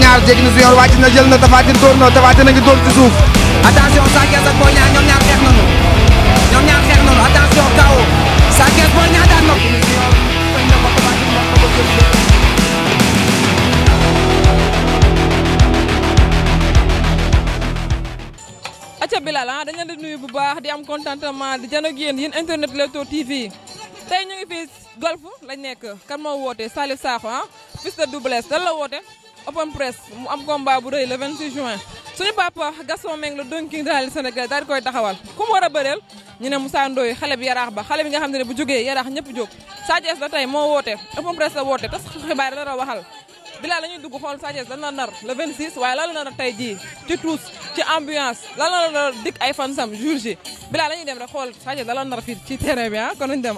ñoom na su yor wàcc a ngi dóor ci suuf attention acca Bilal ah dañu leen nuyu bu baax di am contentement di jano ak yi yéen internet Leewtoo TV tey ñu ngi fii golf lañ nekk kan moo woote Salif Sakho ah fils de Double woote open press mu am combat bu rëy le 26 juin suñu papa Gaston la Don daal Sénégal daal koy taxawal ku war a bëreel ñu ne Moussa xale bi yaraax ba xale bi nga xam ne bu jógee yaraax ñëpp jóg Sathies la tey moo woote open press la woote tas xibaar la la waxal bilaa la ñuy dugg xool Sathies la nar le 26 waaye la nar tey jii ci tuus ci ambiance lan la nar dikk ay fan sam jour ji bilaa la ñuy dem rek xool Sathies lan la nar fii ci terrain bi ah kon nañu dem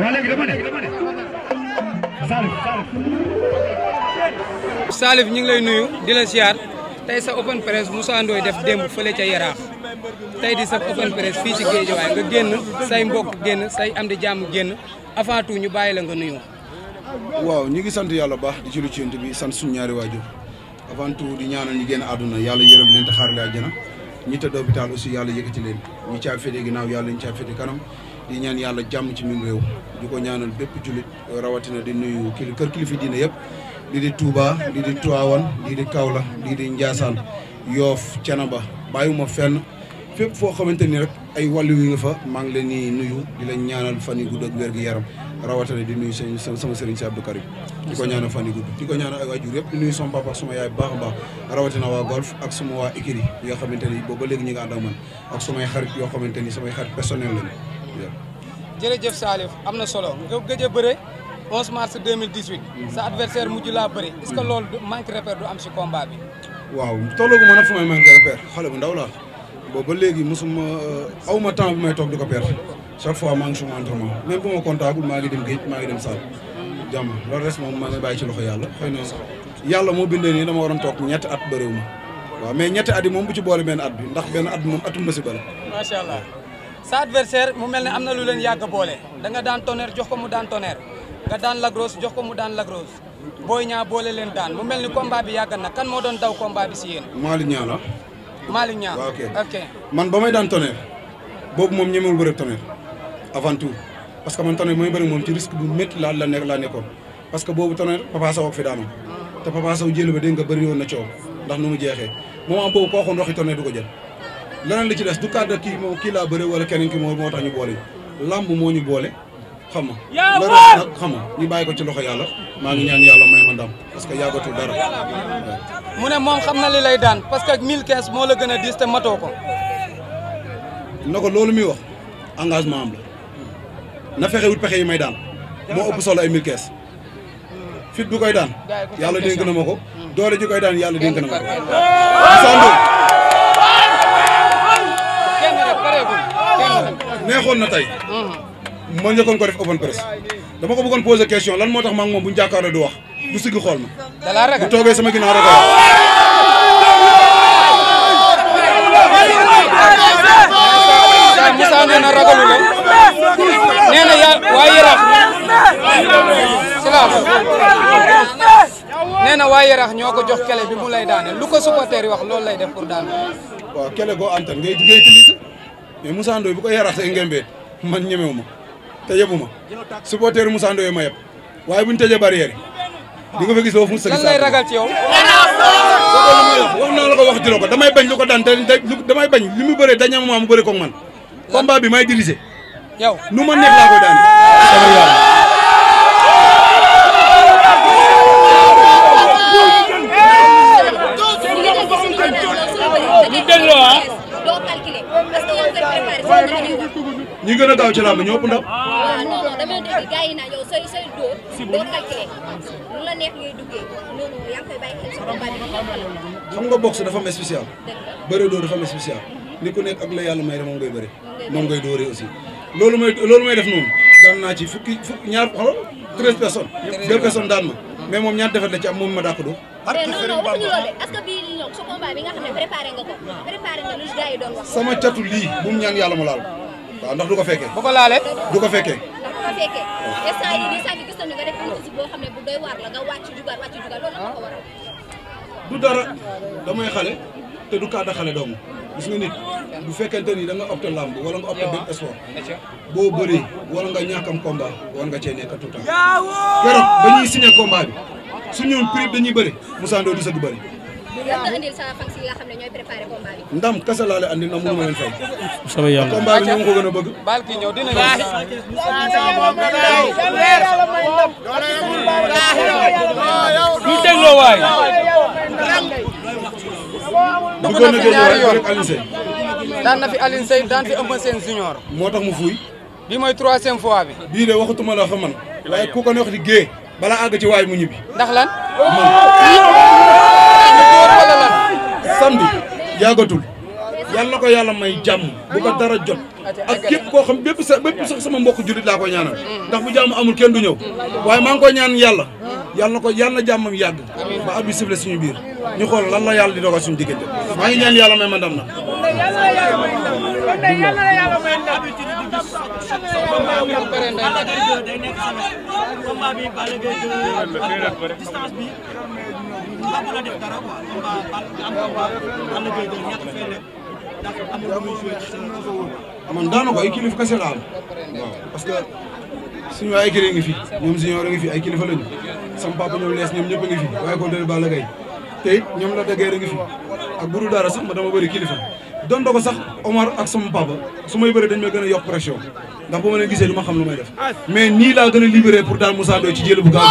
waa léegi dama ne ñu ngi lay nuyu di la siyaar tey sa open press Moussa Ndoye def démb fële ca Yaraax tey di sa open press fii ci Géejawaay nga génn say mbokk génn say am di jàmm génn avant tout ñu bàyyi la nga nuyu. waaw ñu ngi sant yàlla baax di ci lu cent bi sant suñu ñaari waajur avant tout di ñaanal ñu génn àdduna yàlla yërëm leen te xaar leen àjjana ñi tëdd hôpital aussi yàlla yëkkati leen ñu caab fete ginnaaw yàlla ñu caab fete kanam. di ñaan yàlla jàmm ci mim réew di ko ñaanal bépp jullit rawatina di nuyu kili kër kilifi diine yëpp lii di Touba lii di Tivaouane lii di Kaolack lii di Ndiassane Yoff Thiénaba bàyyiwuma fenn fépp foo xamante ni rek ay wàllu wi nga fa maa ngi leen di nuyu di leen ñaanal fan yu gudd ak wér gu yaram rawatina di nuyu seen sama sëriñ si Abdou Karim di ko ñaanal fan yu gudd di ko ñaanal ay waajur yëpp nuyu sama papa ak sama yaay baax a baax rawatina waa golf ak sama waa écurie xamante ni booba léegi ñi nga ànd ak man xarit yoo xamante ni samay xarit personnel lañu jërëjëf Salif am na solo nga gëj a bëre 11 mars 2018. sa adversaire mujj laa bëri est ce que loolu manque repère du am si combat bi. waaw tolloo gu ma nag fu may manque bu ndaw laa boobu ba léegi mosuma euh, aw ma temps bi may toog di ko perdre chaque fois maa ngi suma bu ma kontaagul maa ngi dem géej maa ngi dem salle. jàmm loolu res moom maa ngi ci loxo yàlla xëy na yàlla moo bindee nii dama waroon toog ñetti at bëriwu ma waaw mais ñetti at yi moom bu ci boole benn at bi ndax benn at bi moom atum ba si bëri. sa adversaire mu mel ne am na lu leen yàgg boole da nga daan tonnerre jox ko mu daan tonnerre nga daan lagros jox ko mu daan lagros booy ñaa boole leen daan mu mel ni combat bi yàgg na kan moo doon daw combat bi si yéen. Malick Niang la. Malick Niang ah, ok ok. man ba may daan tonnerre boobu moom ñemewul bëre tonnerre avant tout parce que man tonnerre mooy bëri moom ci bu métti laa la nekk laa nekkoon parce que boobu tonnerre Papa Sow ak fi daanu te Papa Sow ba dégg nga bëri woon na ndax mu jeexee moment boobu koo xoon waxi tonnerre du ko jël. leneen li ci des du cadre kii kii laa bëre wala keneen ki moo moo tax ñu ñu boole xam nga. yaa nag xam nga ñu bàyyi ko ci loxo yàlla. maa ngi ñaan yàlla may ma ndam parce que yàggatul dara. mu ne moom xam na li lay daan parce que 1015 moo la gën a diis te ko. na ko loolu muy wax engagement am la na fexe wut pexe yi may daan moo ëpp solo ay 1015. fit bu koy daan yàlla dénk na moo ko. doole ji koy daan yàlla dénk na ma ko. neexoon na tey. ma njëkkoon ko def open press dama ko bëggoon poser question tax ma bu ñu jàkkaarloo wax du sigg xool ma. dalaa ragal bu toogee sama ginnaaw ragal. Moussa nee na ragalu la nee na ya waa Yaraax silaam nee ñoo ko jox kele bi mu lay daane lu ko supporter yi wax loolu lay def pour daane. kele goo antan ngay ngay mais Moussa Ndoye bu ko yarax see ngembee man ñemewu ma te yebu ma supporter Moussa ma yeb waaye bu ñu tëjee barrière yi di nga fa gis foofu mu sëgg naa la ko wax jëlo ko damay bañ lu ko daan te damay bañ li mu bëree dañam mu bëri koog man combat bi may diriger yow nu ma neex laa koy daane ñi gën a daaw ci làmb ñoo ëpp ah, ah, la neex xam nga boxe dafa am spécial. bëre dóor dafa am spécial. ni ku nekk ak la yàlla may de moom ngay bëre. moom ngay dóoree aussi. loolu may loolu may def noonu. daan naa ci fukki fukki ñaar xoolal treize mais moom ñaar defet la ci am moom ma dàq do ak non sama catu lii bu mu ñaan yàlla mu laal waaw ndax du ko fekkee. bu ko laalee. du ko fekkee. ndax du ko fekkee dara damay xale te du kàdda xale doomu gis nga nit bu fekkente ni danga nga opté lamb wala nga opté benn sport boo bëree wala nga ñàkkam combat war nga cee nekk tout le temps keroog ba ñuy signé combat bi su ñëwoon prix dañuy bëri Moussa Ndoye du sa du bëri. lan nga indil sa fans yi ndam kese laa na mënu ma leen sama yàlla combat bi ñu ko gën a bëgg. baal kii ñëw dina ñëw. ñu dégloo waay. bëggoon na dégloo waay rek Alioune Seye. daan fi Alioune Seye fi Eumeu Sène moo tax mu fuuy. bi mooy troisième fois bi. bii de waxatuma waaye ku ko neex di gée. balaa àgg ci waay mu ñibbi. ndax lan. samedi yàggatul yàlla na ko yàlla may jàmm bu ko dara jot ak képp koo xam bépp sa bépp sax sama mbokk jullit laa koy ñaanal mm. ndax bu jàmm amul kenn du ñëw waaye maa ngi ñaan yàlla yàlla na ko yàlla na jàmmam yàgg ba ab bi sifle suñu biir ñu xool lan la yàlla di dogal suñu diggante maa ngi ñaan ko ay kilifa kese la am waaw parce ay kilifa fi ñoom si ñoo ngi fi ay kilifa lañu sama papa ñoom lees ñoom ñëpp a ngi fi waaye kon dëgg Balla Gaye te ñoom la daggee a ngi fi ak bu dul dara sax ma dama bëri kilifa doon ko sax Omar ak sama su may bëri dañ may gën a yokk pression ndax bu ma gisee du ma xam lu may def mais nii laa gën a libéré pour daal Moussa Ndoye ci jël bu gaaw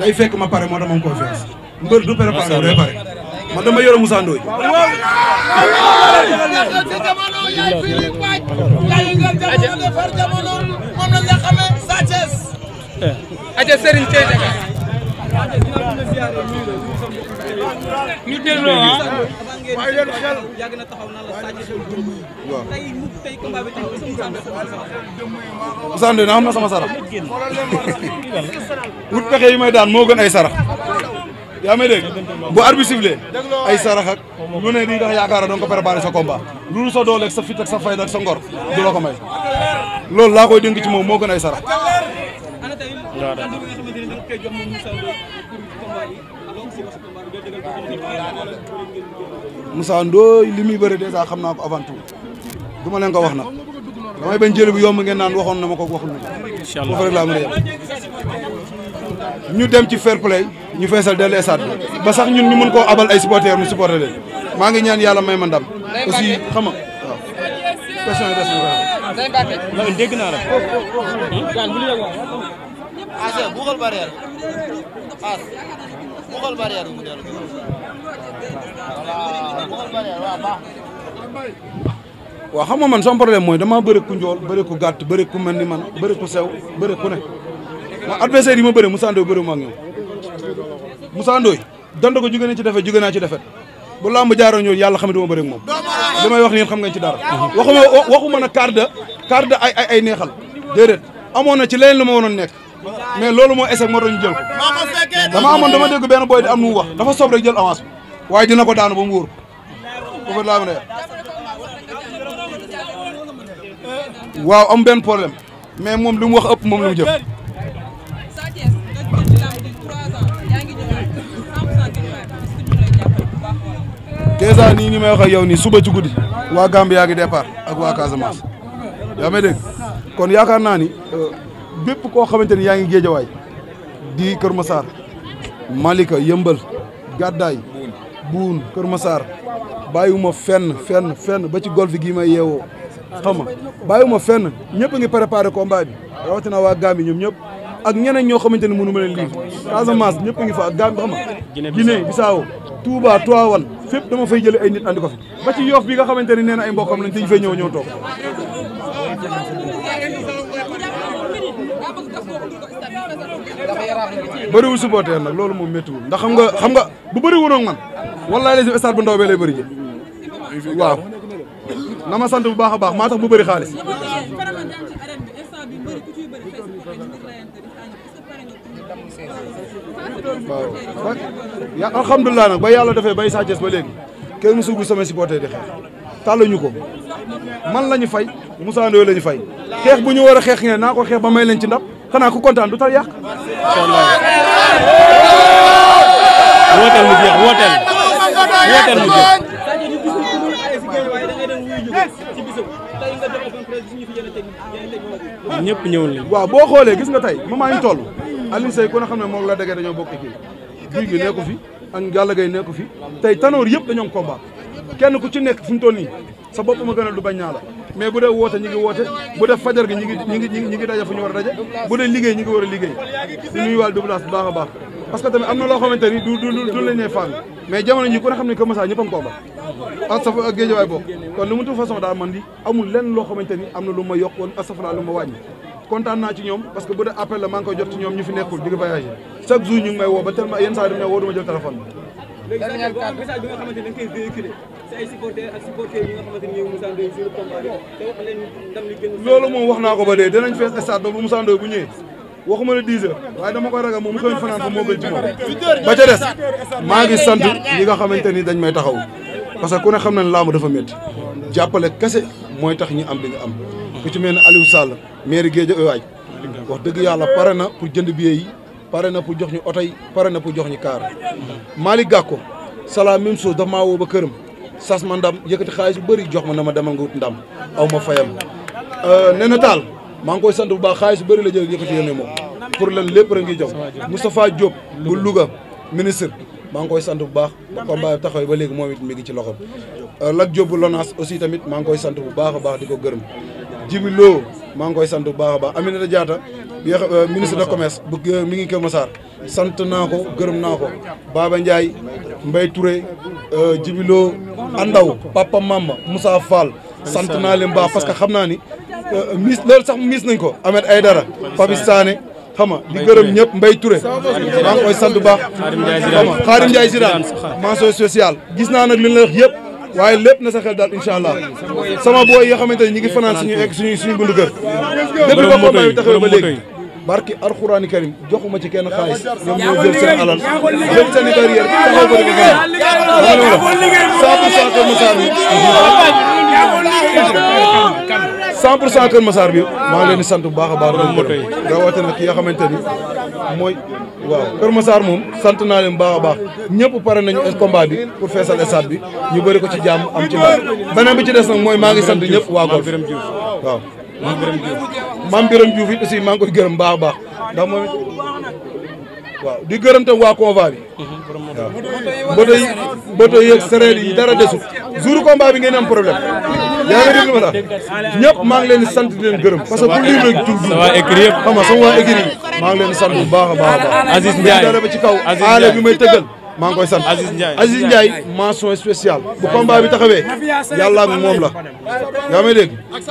day fekk ma pare moo dama am confiance mbër du préparé day pare man dama layu ngeen jamono defar jamono moom la nga xamee Sa Thiès aja Serigne Thiel Dakar ñu delloo ah waaye leen xel yàgg na taxaw na la Sa Thiès tey mu tey combat bi tey Ousmane Ndoye na xam na sama sarax wut pexe yi may daan moo gën ay sarax yaa may dégg bu arbitre sifflé ay sarax ak lu ne di tax yaakaar doon ko préparé sa combat loolu sa doole ak sa fit ak sa fayda ak sa ngor du la ko loolu laa koy dénk ci moom moo gën ay sarax Moussa Ndoye li muy bëri dèjà xam naa ko avant tout du ma leen ko wax nag damay bañ jëli bu yomb ngeen naan waxoon na ma ko waxul na ko foofu rek laa mën ñu dem ci fair play ñu feesal dellu stade bi ba ñun ñu mën koo abal ay supporters mu supporter leen maa ngi ñaan yàlla may ma ndam aussi xam nga waaw question yi na ko dégg naa la buuxal ah, barrière ah, man sama problème mooy dama bëri ku njool bëri ku gàtt bëri man bëri ku sew bëri ku ne waaw adversaire yi ma bëre Moussa Ndoye bëre ma ak ñoom Moussa Ndoye ko jóge na ci defet jóge naa ci defet bu lamb jaaroo ñëw yàlla xam ne du ma bëre moom li may wax nii xam ngeen ci dara waxuma waxuma na carte de carte de ay ay ay neexal déedéet amoon na ci leneen lu ma waroon nekk mais loolu moo échec moo tax ñu jël ko dama amoon dama dégg benn boy di am nu mu wax dafa soob rek jël avance bi waaye dina ko daanu ba mu wóor ko fa laa waaw am benn problème mais moom lu mu wax ëpp moom li mu dèjà nii ni may wax ak yow nii suba ci guddi waa Gambie yaa ngi départ ak waa Casamance yaa may dégg kon yaakaar naa ni euh, bépp koo xamante ni yaa ngi géejawaay di Kër Massar Malika Yëmbal Gàddaay Buun Kër Massar bàyyiwuma fenn fenn fenn ba ci golf gii may yeewoo xam nga bàyyiwuma fenn ñëpp a ngi préparé combat bi rawatina waa Gambie ñoom ñëpp. ak ñeneen ñoo xamante ne mënu ma leen livre Casamance ñëpp a ngi fa ak Gàmbi xam nga Guinée Bissau Touba Tivaouane fépp dama fay jële ay nit andi ko fi ba ci yoof bi nga xamante ne nee na ay mbokkam lañ te ñu fay ñëw ñëw toog bëriwul supporter loolu moom méttiwul ndax xam nga xam nga bu bëriwul ak man wallaay la si stade bu ndaw bee lay bëri waaw na sant bu baax a baax maa tax bu xaalis waaw ba ya ba yàlla defee bay Sa Thiès ba léegi kenn mësul gu sama supporter di xeex tàlluñu ko man lañu ñu fay musa Ndoye la fay xeex bu ñu war a xeex ngeen naa ko xeex ba may leen ci ndam xanaa ko kontaan du tal yàq. wooteel mu jeex wooteel wooteel ñëw nañu. waaw boo xoolee gis nga tey ma maa ngi toll. Alioune Seye ku ne ne moom la dëggee dañoo bokk équipe guy gi nekku fi ak Galla Gaye nekku fi tey tanoor yëpp dañoo am combat kenn ku ci nekk fu mu toll nii sa bopp ma gënal du bañ naa la bu dee woote ñi ngi woote bu dee fajar gi ñi ngi ñi fu ñu war a daje bu dee liggéey ñi ngi war a liggéey di nuyu wàll doublage bu baax baax parce que tamit am na loo xamante ni du du du lañ ne fànn mais jamono ku ne am lenn loo xamante ni am na lu ma yokk woon astafurlah lu ma kontaan naa ci ñoom parce que bu dee appel la maa jot ci ñoom ñu fi nekkul di ko voyagé chaque jour ñu ngi may woo ba tellement yenn saa yi may wax naa ko ba dee danañ fees stade ba bu Moussa Ndoye bu ñëwee waxuma la waaye dama koy ragal moom mu koy fanaan fa moo gën ci moom ba ca maa ngi sant ñi nga xamante ni dañ may taxaw parce que ku ne xam na ne laamu dafa métti jàppale kese mooy tax ñu am li nga am ku ci mel ne Aliou Sall maire Guédiawaye wax dëgg yàlla pare na pour jënd bi yi pare na pour jox ñu oto pare na pour jox ñu kaar Malick Gakou c'est la même chose dafa maa woo ba këram sas ma ndam yëkkati xaalis bu bari jox ma na ma demal nga wut ndam aw ma fayam nee euh, na taal maa ngi koy sant bu baax xaalis bu bëri la jël yëkkati yónnee moom pour lan lépp rek ngi jox Moustapha Diop bu Louga ministre maa ngi koy sant bu baax ba combat bi taxawee ba léegi moom it ci loxoom euh, Lat Diop bu Lonaas aussi tamit maa ngi koy sant bu baax a baax di ko gërëm Jibi Lo maa ngi koy sant bu baax a baax Aminata Diatta bi euh, ministre de commerce bu euh, mi ngi Kër Massar sant naa ko gërëm naa ko Baba Ndiaye mbay Touré euh, Jibi Lo Andaw Papa Mama Moussa Fall sant naa leen baax parce que xam naa ni mis loolu sax mis nañ ko Ahmed ay dara Sané xam nga di gërëm ñëpp Mbaye ture maa ngi koy sant bu baax xam nga Xaadim Ndiaye Zidane mention sociale gis naa nag li ñu yëpp waaye lépp na sa daal incha allah sama booy yi nga xamante ne ñu ngi fanaan suñu egg suñu suñu bundu kër depuis ba combat bi taxawee ba léegi barki alxuraani karim joxuma ci kenn xaalis ñoom ñoo jël seen alal jël seen i carrière taxaw ko di ko gën a saako saako masaar bi 100 pour cent Kër Massar bi maa ngi leen di sant bu baax a baax doon moto ki nga xamante ni mooy waaw Kër Massar moom sant naa leen bu baax a baax ñëpp pare nañu combat bi pour feesal stade bi ñu bëri ko ci jàmm am ci baax beneen bi ci des nag mooy maa ngi sant ñëpp waa golf waaw maam Birame Diouf it aussi maa ngi koy gërëm baax a baax waaw di gërëm tam waa convoi bi waaw mboto yi mboto yeeg sereer yi dara desut jour combat bi ngeen am problème yaa ñëpp maa ngi leen di sant di leen gërëm parce que bu lii rek tur sama waa écrit yëpp leen sant bu baax a baax a baax ba ci kaw aale bi may tëggal maa ngi koy sant Aziz Ndiaye Aziz Ndiaye mention spéciale bu combat bi taxawee yàlla ak moom la yaa may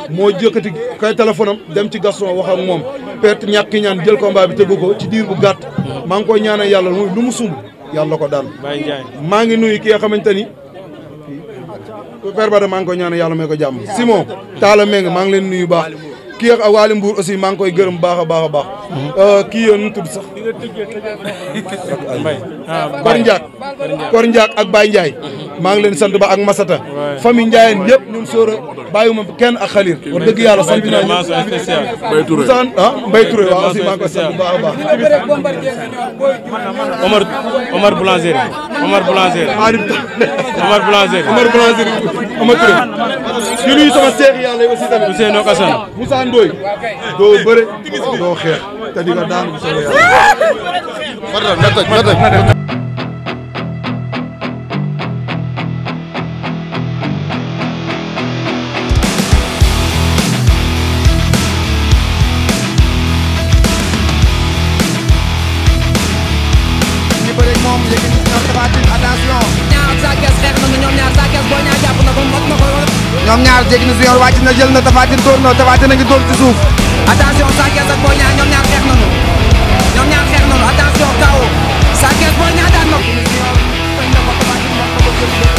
moo jëkkati kay téléphone am dem ci Gaston wax ak moom perte ñàkk ñaan jël combat bi tëgg ko ci diir bu gàtt maa ngi koy ñaanal yàlla mooy lu mu sumb yàlla ko daan maa ngi nuyu ki nga xamante ni Père Bada maa ngi ñaan yàlla may ko jàmm Simon Talla Meng maa ngi leen nuyu baax kii ak Waly Mbour aussi maa ngi koy gërëm baax a baax a baax euh, kii yéen nu tudd sax Kor Ndiak Kor Ndiak ak Baye Ndiaye maa ngi leen sant ba ak Masata famille Ndiayeen yëpp ñun sóora bàyyiwuma kenn ak xalir dëgg yàlla sant naa ñëpp san ah Mbaye Touré waaw aussi maa ngi koy sant bu a Omar Omar Omar Boulanger Arif Omar Boulanger Omar Boulanger Omar Touré di nuyu sama seex yàlla yi aussi tamit Ousseynou Kassane Moussa Ndoye doo bëre doo xeex te di nga daanu bu soobee yàlla ñoom ñaar jéggi na junior wàcc na jël na Tapha Tine dóor na Tapha Tine a ngi dóor ci suuf attention Sa Thiès ak Boy Niang ñoom ñaar xeex nañu ñoom ñaar xeex nañu attention kaw Sa Thiès Boy Niang daan na